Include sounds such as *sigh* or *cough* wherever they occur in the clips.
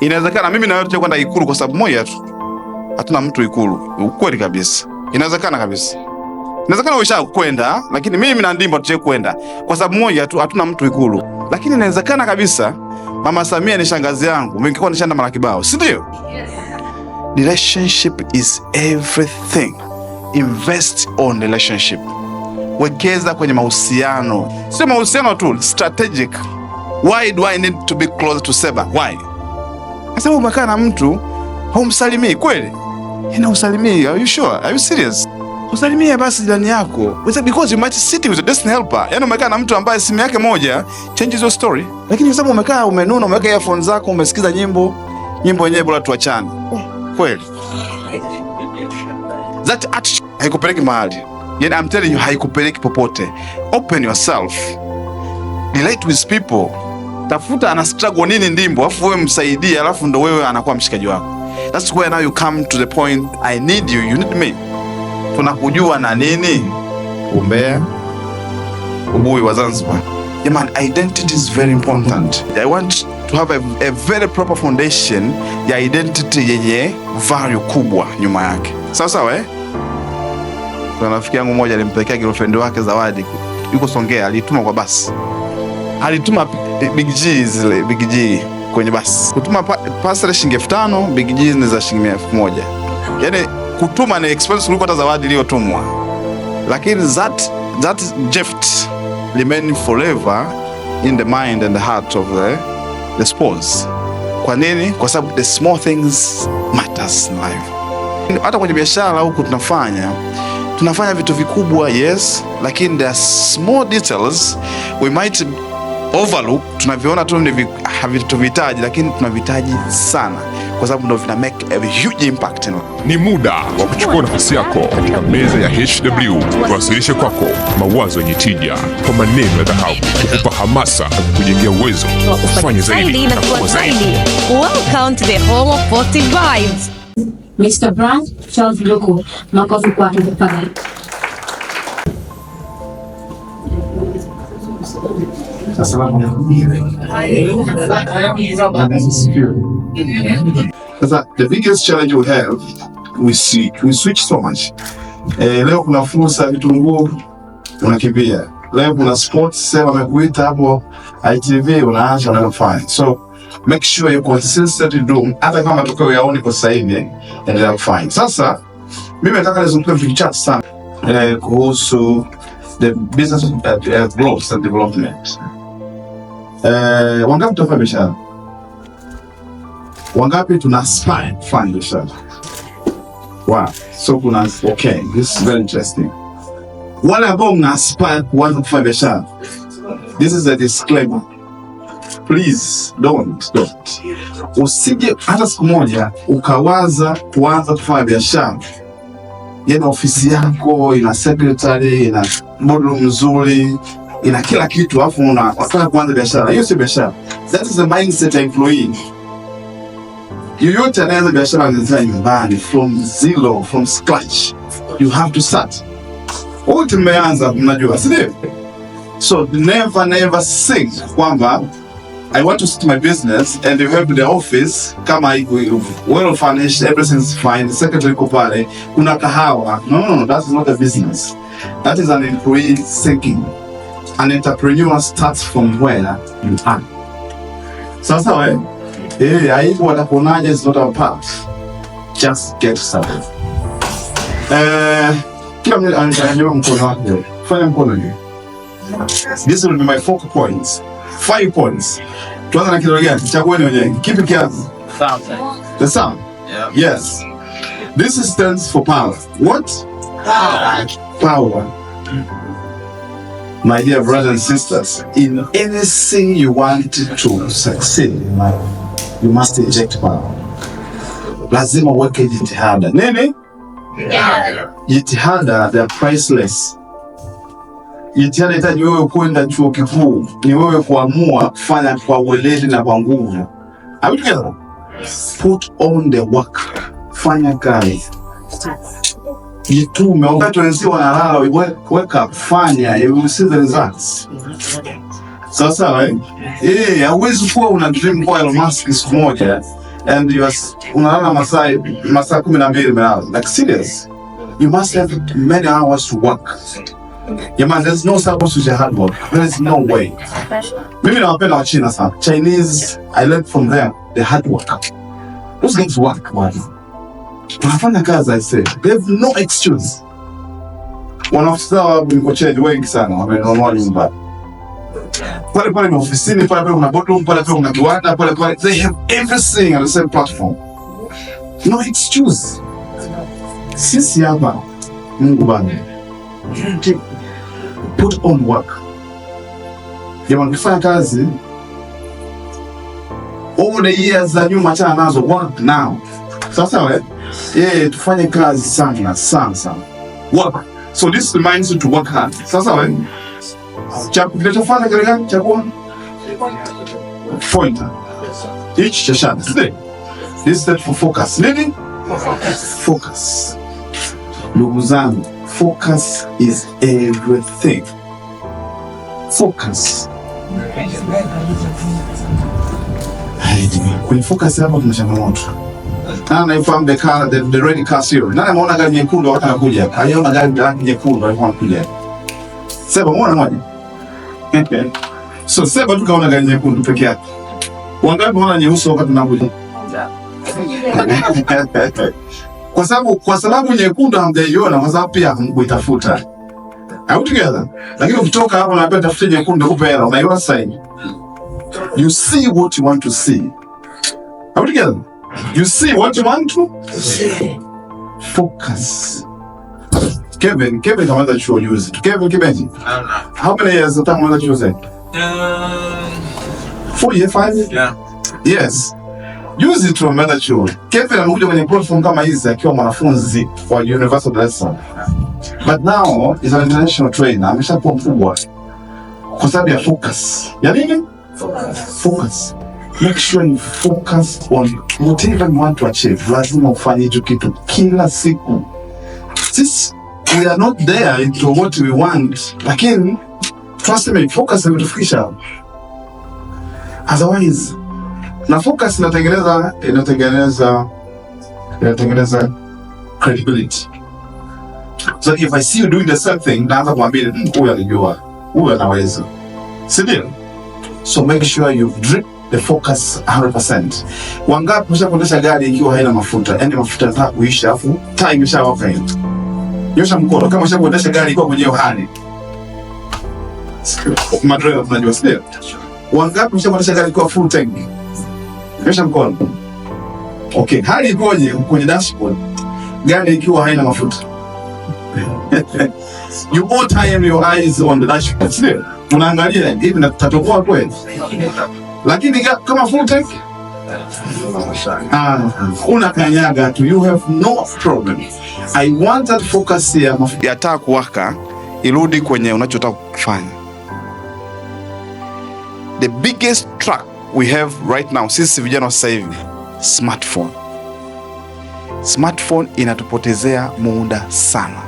Inawezekana mimi na wewe tuje kwenda Ikulu kwa sababu moja tu, hatuna mtu Ikulu. Ukweli kabisa, inawezekana kabisa. Inawezekana uisha kwenda, lakini mimi na Ndimbo tuje kwenda kwa sababu moja tu, hatuna mtu Ikulu. Lakini inawezekana kabisa, Mama Samia ni shangazi yangu, mimi ningekuwa nishanda mara kibao, si ndio? Yes. Relationship is everything. Invest on relationship. Wekeza kwenye mahusiano, sio mahusiano tu strategic. Why do I need to be close to Seba? Why? Kwa sababu umekaa na mtu haumsalimii kweli? Ina yaani usalimii, are you sure? Are you serious? Usalimie basi jirani yako. Because you might sit with a destiny helper. Yaani umekaa na mtu ambaye simu yake moja changes your story. Lakini kwa sababu umekaa umenuna, umeweka earphone zako, umesikiza nyimbo, nyimbo yenyewe bora tuachane. Kweli. That attitude haikupeleki mahali. Yaani I'm telling you haikupeleki popote. Open yourself. Relate with people tafuta ana struggle nini ndimbo, alafu wewe msaidie, alafu ndo wewe anakuwa mshikaji wako. That's where now you come to the point, I need you, you need me. Tunakujua na nini? Umbea, ubui wa Zanzibar. Yeah, man, identity is very important. I want to have a, a very proper foundation ya identity yenye value kubwa nyuma yake, sawa sawa eh? Kuna rafiki yangu mmoja alimpelekea girlfriend wake zawadi, yuko Songea, alituma kwa basi, alituma Eh, Big G zile Big G kwenye basi kutuma pa, pasre shilingi elfu tano Big G ni za shilingi elfu moja Yaani kutuma ni expense kuliko hata zawadi iliyotumwa, lakini that that gift remain forever in the mind and the heart of the the spouse. Kwa nini? Kwa sababu the small things matters in life. Hata kwenye biashara huku tunafanya tunafanya vitu vikubwa yes, lakini there are small details we might overlook, tunaviona tu hatuvihitaji, lakini tunavitaji sana, kwa sababu ndio vina make a huge impact. Ni muda wa kuchukua nafasi yako katika meza ya HW, tuwasilishe kwako mawazo yenye tija kwa maneno ya dhahabu, kukupa hamasa, kujengea uwezo kufanya zaidi na kuwa zaidi. Welcome to the home of positive vibes. Mr. Brand Charles Lugo, makofi kwa tafadhali. Sasa the biggest challenge we have we switch, we switch so much. Eh, leo kuna fursa vitunguu unakimbia. Leo kuna sports sema wamekuita hapo ITV unaacha unafanya. So make sure you consistently do hata kama matokeo yaoni kwa sasa hivi eh, endelea kufanya. Sasa mimi nataka nizungumze kitu kichache sana eh, kuhusu the business of, uh, uh growth and development. Eh, wangapi tutafanya biashara? Wangapi tuna aspire kufanya biashara? Wow. So kuna okay, this is very interesting. Wale ambao mna aspire kuanza kufanya biashara. This is a disclaimer. Please don't don't. Usije hata siku moja ukawaza kuanza kufanya biashara. Yaani ofisi yako ina secretary, ina model mzuri ina kila kitu, afu unataka kuanza biashara. Hiyo sio biashara, that is a mindset ya employee. Yoyote anaweza biashara anza nyumbani, from zero, from scratch, you have to start. Wote mmeanza, mnajua si ndio? So never never think kwamba I want to start my business and you have the office kama iko well furnished, everything is fine, secretary iko pale, kuna kahawa. No, No, no, that is not a business. That is an employee thinking an entrepreneur starts from where you are. Sasa we eh, aibu watakuonaje is not part. just get started. Eh, kila mmoja anajua mkono wake. Fanya mkono hivi. This will be my focal points. Five points. Tuanza na kidole gani? Chagueni wenyewe. Kipi kiasi? Thumb. The thumb. Yeah. Yes. This stands for power. What? Power. Power. My dear brothers and sisters, in anything you want to succeed in life, you must eject power. Lazima uweke jitihada. Nini? Yeah. Jitihada they are priceless. Jitihada inahitaji wewe kwenda chuo kikuu, ni wewe kuamua kufanya kwa weledi na kwa nguvu. Are we together? Put on the work. Fanya kazi. Jitume wakati wenzio wanalala, weka fanya zako eh, Hauwezi kuwa una dream kwa Elon Musk siku moja and you are unalala masaa masaa kumi na mbili umelala. Like serious. You must have many hours to work. Yaman, there's no substitute to hard work. There's no way. Mimi nawapenda Wachina sana. Chinese, I learned from them the hard work. Those guys work, man wanafanya kazi I say. They have no excuse. Wanafuta wabu ni kocheji wengi sana wamenunua nyumba. Pale pale ni ofisini, pale pale kuna boardroom, pale pale kuna kiwanda, pale pale they have everything on the same platform. No excuse. Sisi hapa Mungu Baba. Put on work. Jamani, kufanya kazi all the years za nyuma, achana nazo, work now. Sasa wewe eh? yeah, tufanye kazi sana sana sana. Work. So this reminds you to work hard. Sasa wewe kinachofanya katika chakula pointer. Hichi cha shada, sio? This is for focus. Nini? Focus. Ndugu zangu, focus is everything. Focus. Kwenye focus hapa kuna changamoto. Nani naifahamu the car, the, the red car series. Nani ameona gari nyekundu wakati anakuja Aliona gari rangi nyekundu alikuwa anakuja. Sema muone moja. *laughs* So sema tu kaona gari nyekundu peke yake. Wangapi wana nyeusi wakati anakuja? *laughs* Kwa sababu kwa sababu nyekundu hamjaiona kwa sababu pia hamkuitafuta. Au together? Lakini ukitoka hapo na tafuta nyekundu kupe hela, unaiona sasa. You see what you want to see. Au together? You see what you want to focus. Kevin, Kevin how you use it? Kevin Kevin. I don't know. How many years tangu ameanza chuo sasa? Four years, five years? Yeah. Yes. Juzi tu ameanza chuo. Kevin amekuja kwenye platform kama hizi akiwa mwanafunzi wa Universal Lesson. But now is an international trainer. Ameshakuwa mkubwa. Kwa sababu ya focus. Ya nini? Focus. Focus make sure you focus on whatever you want to achieve. Lazima ufanye hicho kitu kila siku. Sisi we are not there into what we want, lakini trust me, focus imetufikisha. Otherwise na focus inatengeneza inatengeneza inatengeneza credibility. So if I see you doing the same thing, naanza kuambia hmm, huyu alijua, huyu anaweza, si ndio? So make sure you've dripped the focus 100%. Wangapi ushakuendesha gari ikiwa haina mafuta? Yaani mafuta yanataka kuisha afu taa imeshawaka hiyo. Nyosha mkono kama ushakuendesha gari ikiwa kwenye yohani. Madereva tunajua sio? Wangapi ushakuendesha gari ikiwa full tank? Nyosha mkono. Okay, hali ikoje kwenye dashboard? Gari ikiwa haina mafuta. *laughs* You all time your eyes on the dashboard. Unaangalia hivi na tatokoa kweli? lakini kama full tank Ah, unakanyaga tu you have no problem. I want that focus ya yataa kuwaka irudi kwenye unachotaka kufanya. The biggest track we have right now sisi vijana sasa hivi smartphone. Smartphone inatupotezea muda sana.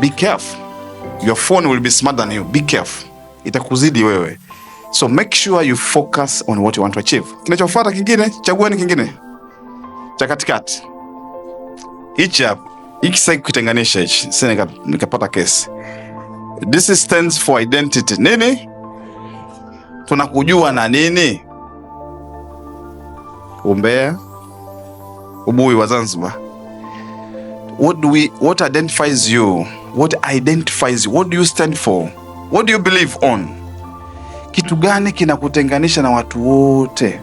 Be careful. Your phone will be smarter than you. Be careful. Itakuzidi wewe. So make sure you focus on what you want to achieve. Kinachofuata kingine, ni kingine cha katikati. Hichi hapa, hiki sasa kukitenganisha hichi, sasa nikapata kesi. This stands for identity. Nini? Tunakujua na nini? Umbea, ubui wa Zanzibar. What do we, what identifies you? What identifies you? What do you stand for? What do you believe on? kitu gani kinakutenganisha na watu wote?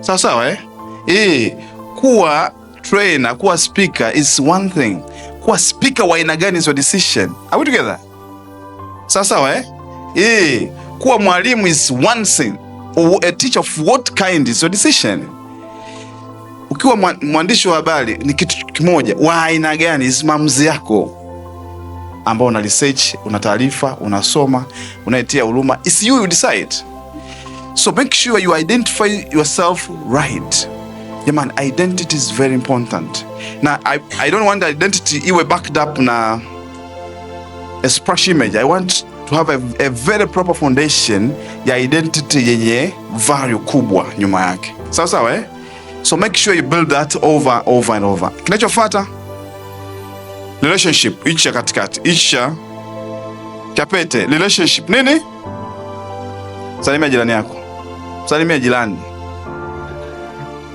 Sawa sawa, eh? E, kuwa trainer, kuwa speaker is one thing. Kuwa speaker wa aina gani is your decision. Are we together? Sawa sawa, eh? E, kuwa mwalimu is one thing. Or a teacher of what kind is your decision. Ukiwa mwandishi wa habari ni kitu kimoja, wa aina gani is maamuzi yako ambao una research, una taarifa, unasoma, unayetia huruma. It's you you decide. So make sure you identify yourself right. Jamani, identity is very important. Na I, I don't want the identity iwe backed up na a splash image. I want to have a, a very proper foundation ya identity yenye value kubwa nyuma yake. Sawa sawa eh? So make sure you build that over over and over. Kinachofuata relationship icha katikati icha cha relationship nini? Salimia jirani yako, salimia jirani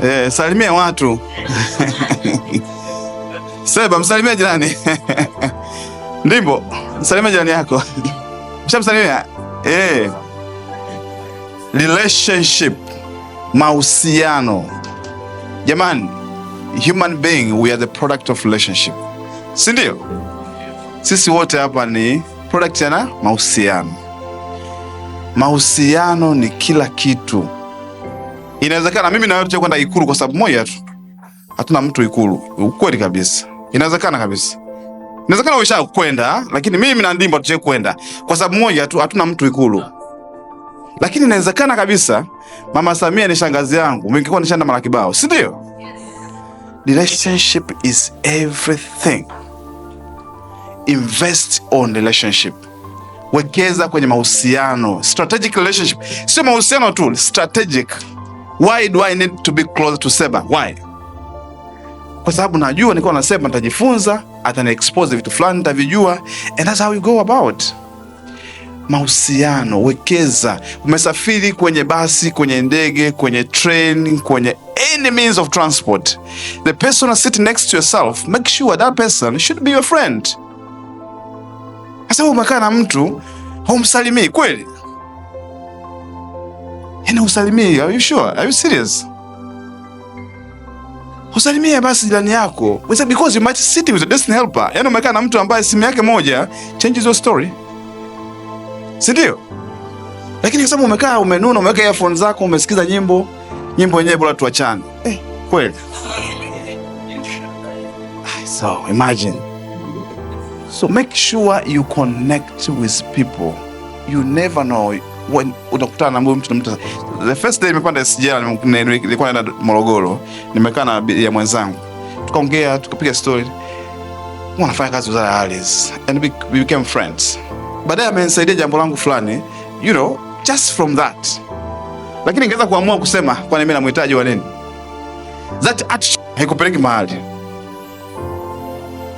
eh, salimia watu *laughs* Seba, msalimia jirani *laughs* ndimbo, msalimia jirani yako *laughs* mshamsalimia eh. Relationship, mahusiano. Jamani, human being, we are the product of relationship si ndio? Sisi wote hapa ni product na mahusiano. Mahusiano ni kila kitu. Inawezekana mimi na wewe tuje kwenda Ikulu kwa sababu moja tu, hatuna mtu Ikulu. Ukweli kabisa, inawezekana kabisa Inawezekana uisha kwenda lakini mimi na Ndimbo tuje kwenda kwa sababu moja tu, hatuna mtu Ikulu. Lakini inawezekana kabisa Mama Samia ni shangazi yangu, ningekuwa nishaenda mara kibao, si ndio? Relationship is everything invest on relationship, wekeza kwenye mahusiano, strategic relationship. Sio mahusiano tu, strategic. Why do I need to be close to Seba? Why? Kwa sababu najua nikiwa na Seba nitajifunza, atani expose vitu fulani nitavijua, and that's how you go about mahusiano. Wekeza. Umesafiri kwenye basi, kwenye ndege, kwenye train, kwenye any means of transport, the person sitting next to yourself, make sure that person should be your friend kwa sababu umekaa na mtu humsalimii kweli, yaani usalimii? Are you sure? Are you serious? Usalimie basi jirani yako because you might sit with a destiny helper. Yaani umekaa na mtu ambaye simu yake moja changes your story, si ndio? Lakini kwa sababu umekaa umenuna, umeweka earphone zako, umesikiza nyimbo nyimbo yenyewe, bora tuachane. Eh, kweli. So imagine So make sure you connect with people. You never know when utakutana na mtu na mtu. The first day nimepanda SGR nilikuwa naenda Morogoro, nimekaa na ya mwenzangu. Tukaongea, tukapiga story. Wanafanya kazi wizara ya ardhi and we, we became friends. Baadaye amenisaidia jambo langu fulani, you know, just from that. Lakini ningeweza kuamua kusema kwa nini mimi namhitaji wa nini? That haikupeleki mahali.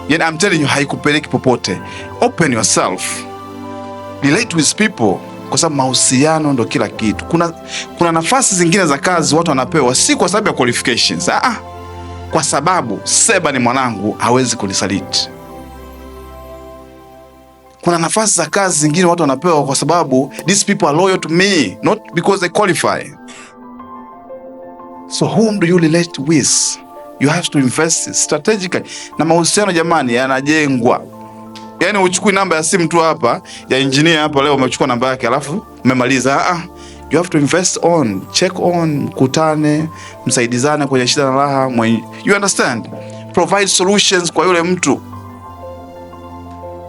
Yani I'm telling you haikupeleki popote. Open yourself. Relate with people kwa sababu mahusiano ndo kila kitu. Kuna, kuna nafasi zingine za kazi watu wanapewa si kwa sababu ya qualifications. Ah, ah. kwa sababu Seba ni mwanangu, hawezi kunisaliti. Kuna nafasi za kazi zingine watu wanapewa kwa sababu these people are loyal to me, not because they qualify. So whom do you relate with? You have to invest strategically. Na mahusiano jamani, yanajengwa. Yaani uchukui namba ya simu tu hapa ya engineer hapa leo umechukua namba yake alafu umemaliza. Ah, ah. you have to invest on, check on, mkutane, msaidizane kwenye shida na raha. You understand? Provide solutions kwa yule mtu.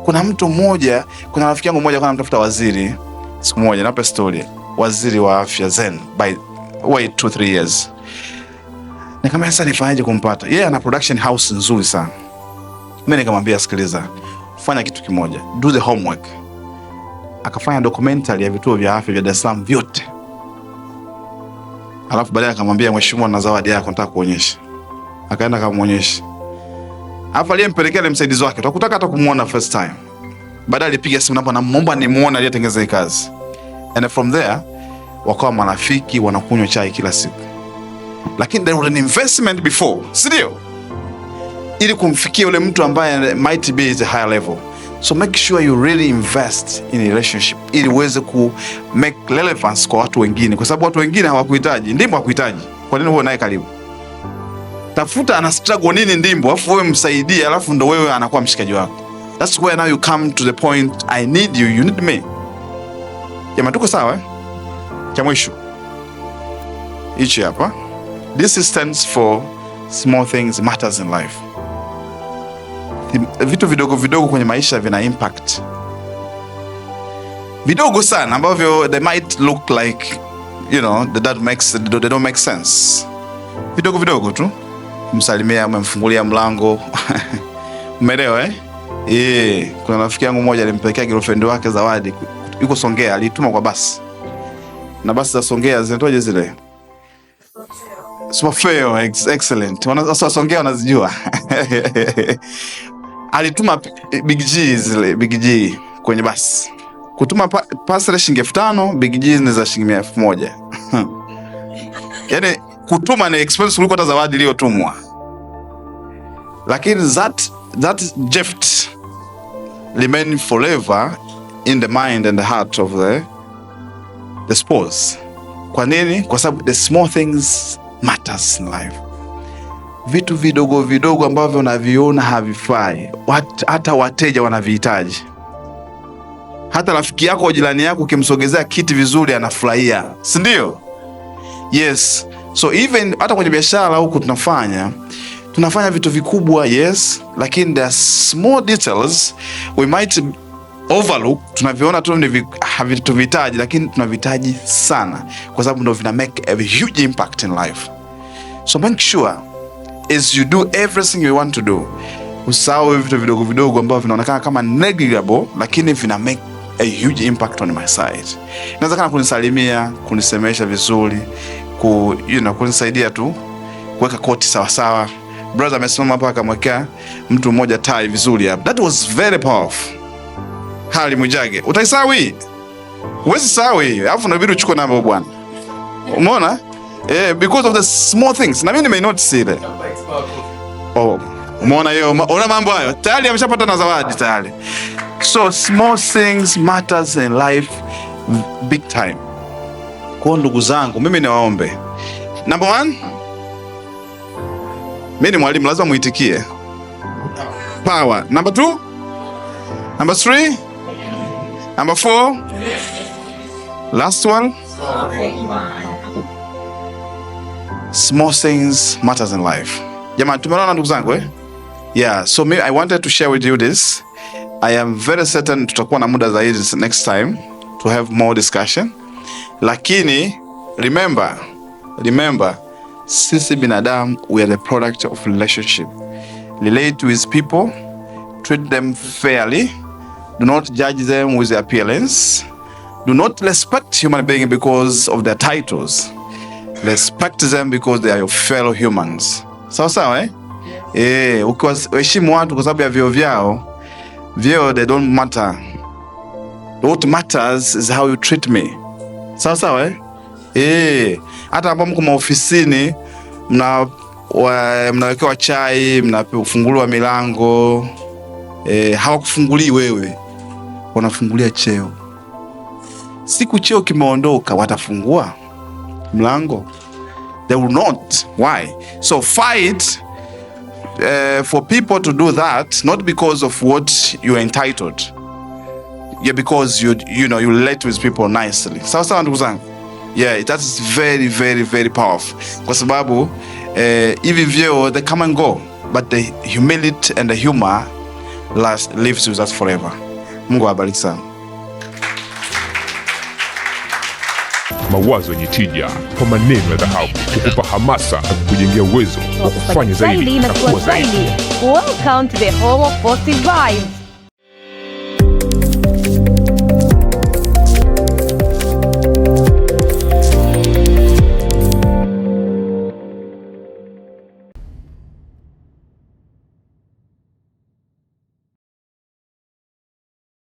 Kuna mtu mmoja, kuna rafiki yangu mmoja anamtafuta waziri siku moja, nape story. Waziri wa afya Zen by way 2 3 years. Nikamwambia sasa nifanyaje kumpata yeye? Yeah, ana production house nzuri sana. Mimi nikamwambia sikiliza, fanya kitu kimoja, do the homework. Akafanya documentary ya vituo vya afya vya Dar es Salaam vyote, alafu baadaye akamwambia mheshimiwa, na zawadi yako nataka kuonyesha. Akaenda akamwonyesha, alafu aliyempelekea ni msaidizi wake, tukutaka hata kumuona first time. Baadaye alipiga simu napo, namuomba nimuone aliyetengeneza kazi, and from there wakawa marafiki, wanakunywa chai kila siku lakini there was an investment before, si ndio? Ili kumfikia yule mtu ambaye might be at a higher level. So make sure you really invest in relationship ili uweze ku make relevance kwa watu wengine, kwa sababu watu wengine hawakuhitaji. Ndimbo hakuhitaji, kwa nini huwe naye karibu? Tafuta ana struggle nini Ndimbo, alafu wewe msaidie, alafu ndo wewe anakuwa mshikaji wako. That's where now you come to the point, I need you, you need me. Jamaa, tuko sawa eh? Cha mwisho hichi hapa This stands for small things matters in life. Vitu vidogo vidogo kwenye maisha vina impact vidogo sana ambavyo they might look like you know that that makes they don't make sense. Vidogo vidogo tu, msalimia, umemfungulia mlango *laughs* umeelewa eh? Yeah. Kuna rafiki yangu mmoja alimpelekea girlfriend wake zawadi, yuko Songea, alituma kwa basi na basi za Songea zinatoje zile Spofeo, ex excellent. Wanasasa Wasongea wanazijua. *laughs* Alituma Big G zile Big G kwenye basi. Kutuma pa, pasile shilingi elfu Big G ni za shilingi elfu moja. *laughs* Yaani kutuma ni expense kuliko hata zawadi iliyotumwa. Lakini that that gift remain forever in the mind and the heart of the the spouse. Kwa nini? Kwa sababu the small things matters in life. Vitu vidogo vidogo ambavyo unaviona havifai, hata wateja wanavihitaji. Hata rafiki yako au jirani yako ukimsogezea kiti vizuri anafurahia, si ndio? Yes, so even hata kwenye biashara huku tunafanya tunafanya vitu vikubwa yes, lakini there are small details we might overlook. Tunaviona tu ni havituhitaji, lakini tunavihitaji sana, kwa sababu ndo vina make a huge impact in life. So make sure as you do everything you want to do, usahau vitu vidogo vidogo ambavyo vinaonekana kama negligible, lakini vina make a huge impact on my side. Inawezekana kunisalimia, kunisemesha vizuri, ku, you know, kunisaidia tu kuweka koti sawa sawa. Brother amesimama hapa akamwekea mtu mmoja tai vizuri hapa. That was very powerful. Hali Mwijage, utaisawi? hii? Huwezi sahau hii. Alafu unabidi uchukue namba bwana. Umeona? eh, because of the small things. Na mimi nimenotice ile. Oh, umeona hiyo? Unaona mambo hayo tayari ameshapata na zawadi tayari. So small things matters in life big time. Kwa ndugu zangu, mimi niwaombe. Number one, mimi ni mwalimu, lazima muitikie power. Number two, number three, number four, last one small things matters in life. Jamani, tumeona ndugu zangu eh? Yeah, so me, I wanted to share with you this. I am very certain tutakuwa na muda zaidi next time to have more discussion. Lakini remember, remember sisi binadamu we are the product of relationship. Relate with people, treat them fairly. Do not judge them with their appearance. Do not respect human being because of their titles respect them because they are your fellow humans. Sawa sawa eh? Yes. Eh, ukiwaheshimu watu kwa sababu ya vyeo vyao, vyeo they don't matter. What matters is how you treat me. Sawa sawa eh? Eh, hata hapo mko maofisini mna mnawekewa chai, mnafunguliwa milango Eh, hawakufungulii wewe, wanafungulia cheo. Siku cheo kimeondoka, watafungua mlango. They will not. Why? So fight uh, for people to do that, not because of what you're entitled. Yeah, because you you know you let with people nicely. Sawa sawa ndugu zangu. Yeah, that is very very very powerful. Kwa sababu eh, hivi uh, vyeo they come and go, but the humility and the humor last lives with us forever. Mungu awabariki sana. mawazo yenye tija kwa maneno ya dhahabu kukupa hamasa na kukujengea uwezo wa kufanya zaidi na kuwa zaidi. Welcome to the home of positive vibes.